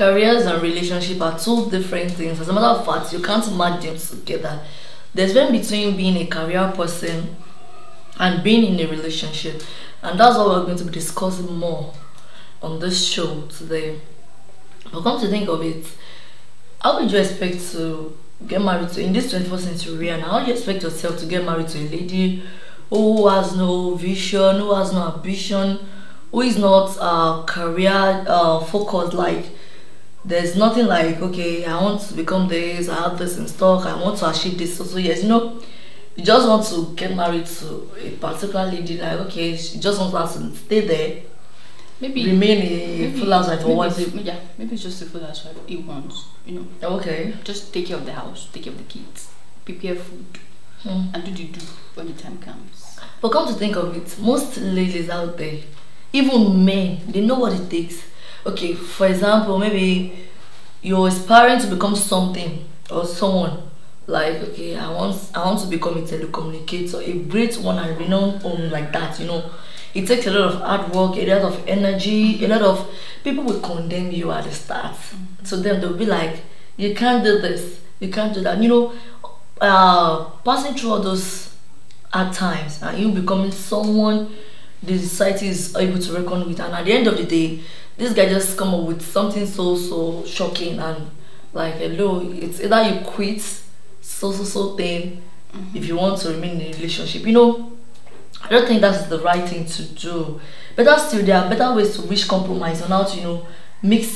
Careers and relationship are two different things. As a matter of fact, you can't match them together. There's been between being a career person and being in a relationship, and that's what we're going to be discussing more on this show today. But come to think of it, how would you expect to get married to in this 21st century? And how do you expect yourself to get married to a lady who has no vision, who has no ambition, who is not uh, career uh, focused like? there's nothing like okay i want to become this i have this in stock i want to achieve this so so yes you know you just want to get married to a particular lady like okay she just wants us to stay there maybe remain a maybe, full housewife or what yeah maybe it's just a full housewife he wants you know okay just take care of the house take care of the kids prepare food hmm. and do the do when the time comes but come to think of it most ladies out there even men they know what it takes okay for example maybe you're aspiring to become something or someone like okay i want i want to become a telecommunicator a great one and renowned one like that you know it takes a lot of hard work a lot of energy a lot of people will condemn you at the start mm-hmm. so then they'll be like you can't do this you can't do that you know uh, passing through all those at times and you becoming someone the society is able to reckon with and at the end of the day this guy just come up with something so so shocking and like hello it's either you quit so so so thing mm -hmm. if you want to remain in a relationship you know i don't think that's the right thing to do better still there are better ways to reach compromise on how to you know mix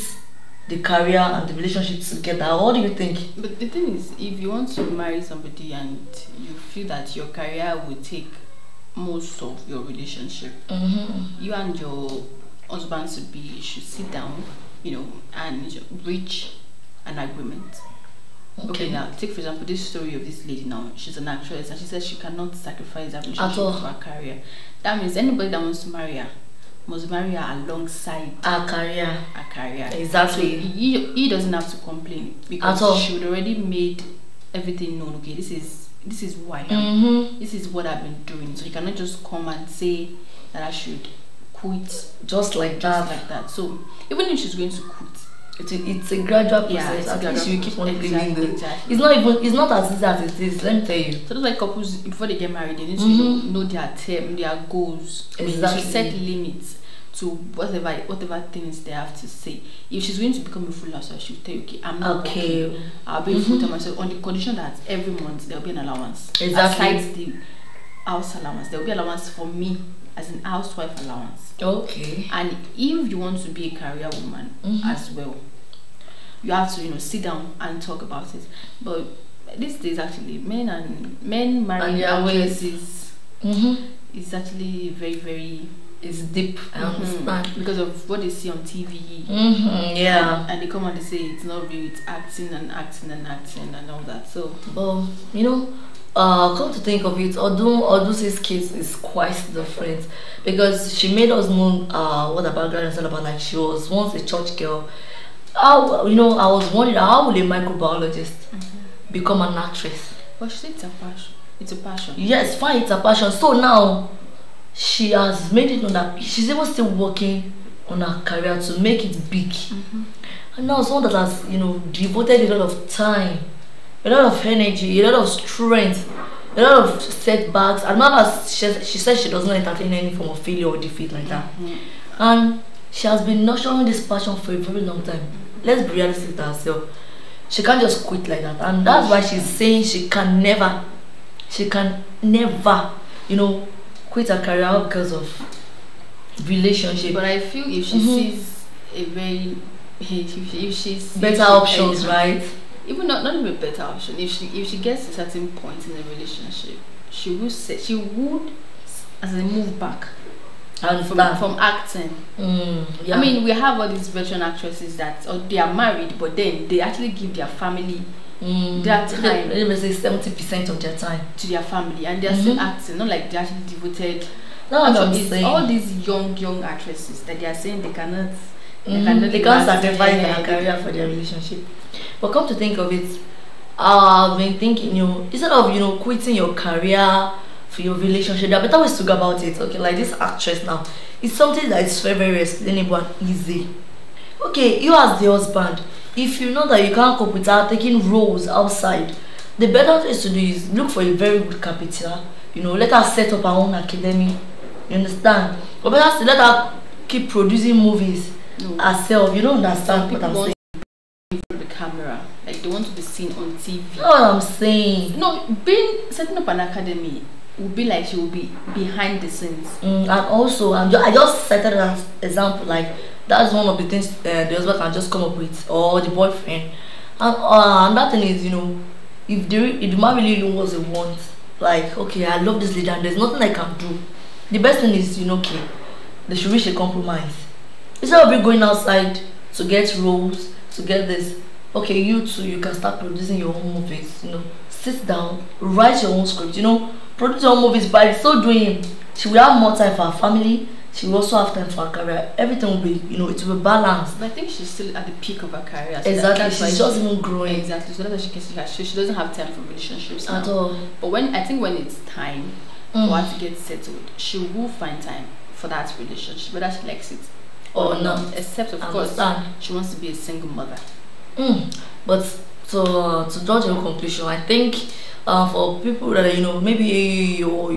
the career and the relationship together what do you think but the thing is if you want to marry somebody and you feel that your career will take most of your relationship mm -hmm. you and your husband should be should sit down, you know, and reach an agreement. Okay. okay. now take for example this story of this lady now. She's an actress and she says she cannot sacrifice her relationship for her career. That means anybody that wants to marry her must marry her alongside her career. Her career. Exactly. So he, he doesn't have to complain because she would already made everything known. Okay, this is this is why. Mm -hmm. This is what I've been doing. So you cannot just come and say that I should quit just like that. like that. So even if she's going to quit, it's a, it's a gradual process. Yeah, At least you keep on exactly, doing exactly. It's not even it's not as easy as it is. Let me tell you. So those like couples before they get married, they need mm -hmm. to mm-hmm. know their term, their goals. Exactly. I set limits to whatever whatever things they have to say. If she's going to become a full housewife, she'll tell you, okay, I'm not okay. I'll be mm -hmm. full time myself mm-hmm. on the condition that every month there'll be an allowance. Exactly. the house allowance, there'll be allowance for me as an housewife allowance. Okay. And if you want to be a career woman mm -hmm. as well, you have to you know sit down and talk about it. But these days, actually, men and men marrying actresses is, mm -hmm. is actually very very is deep. mm -hmm. because of what they see on TV. Mm-hmm, yeah. And, and they come and they say it's not real. It's acting and acting and acting and all that. So. Well, you know uh, come to think of it, Odun Odusi's case is quite different because she made us know uh, what her background is all about. Like she was once a church girl. How you know? I was wondering how will a microbiologist mm -hmm. become an actress? But she said it's a passion. It's a passion. Yes, fine, it's a passion. So now she has made it on that. She's even still working on her career to make it big. Mm -hmm. And now someone that has you know devoted a lot of time a lot of energy, a lot of strength, a lot of setbacks. And Mama, she, she said she does not entertain any form of failure or defeat like that. Mm -hmm. And she has been nurturing this passion for a very long time. Let's be realistic with herself. She can't just quit like that. And that's why she's saying she can never, she can never, you know, quit her career because of relationship. But I feel if she mm -hmm. sees a very, if she, if better options, right? even not not even a better option. If she if she gets a certain point in the relationship, she will say she would as a move back. And from, from acting, mm, yeah. I mean, we have all these veteran actresses that or they are married, but then they actually give their family mm. their time. Let me say seventy percent of their time to their family, and they are mm -hmm. still mm-hmm. acting. Not like they are actually devoted. No, no, it's saying. all these young young actresses that they are saying they cannot, they, mm, cannot they can't sacrifice their career for their relationship. But come to think of it, I've been thinking, you know, instead of, you know, quitting your career for your relationship, there are better ways to go about it. Okay, like this actress now. It's something that is very, very explainable and easy. Okay, you as the husband, if you know that you can't cope without taking roles outside, the better thing to do is look for a very good capital. You know, let her set up her own academy. You understand? Or better still, let her keep producing movies no. herself. You don't understand what I'm saying. through the camera. Like they want to be seen on TV. Oh, I'm saying. No, being setting up an academy would be like she will be behind the scenes. Mm, and also, I'm just, I just cited an example. Like that's one of the things uh, the husband can just come up with, or the boyfriend. And uh, another thing is, you know, if the if the man really knows what he wants, like okay, I love this lady, and there's nothing I can do. The best thing is, you know, okay, they should reach a compromise. Instead of you going outside to get roles to get this okay you too you can start producing your own movies you know sit down write your own script you know produce your own movies by so doing she will have more time for her family she will also have time for her career everything will be you know it will be balanced but i think she's still at the peak of her career so exactly she's just even growing exactly so that she can see her she, she doesn't have time for relationships at now. all but when i think when it's time mm. for her to get settled she will find time for that relationship whether she likes it or not. Except, of Understand. course, she wants to be a single mother. Mm. But to, to draw your conclusion, I think uh, for people that, are, you know, maybe you're,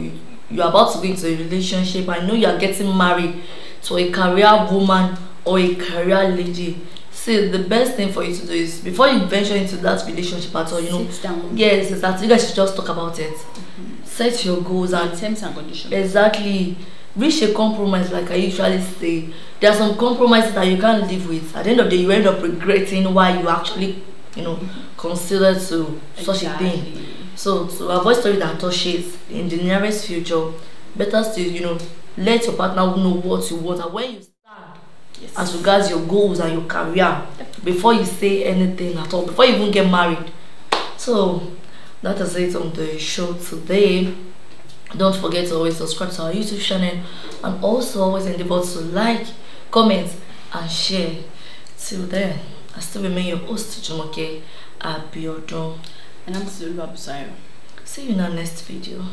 you're about to go into a relationship, I know you're getting married to a career woman or a career lady. See, the best thing for you to do is before you venture into that relationship at all, you know, Sit down. yes, exactly. You guys should just talk about it. Mm -hmm. Set your goals and terms and conditions. Exactly. reach a compromise like I usually say. There are some compromises that you can't live with. At the end of the day, you end up regretting why you actually, you know, considered to such exactly. a thing. So to avoid stories that touch it in the nearest future, better still, you know, let your partner know what you want and when you stand yes. as regards your goals and your career before you say anything at all, before you even get married. So that is it on the show today don't forget to always subscribe to our youtube channel and also always endeavor to like comment and share till then i still remain your host jumoke abiodun and i'm Sulu see you in our next video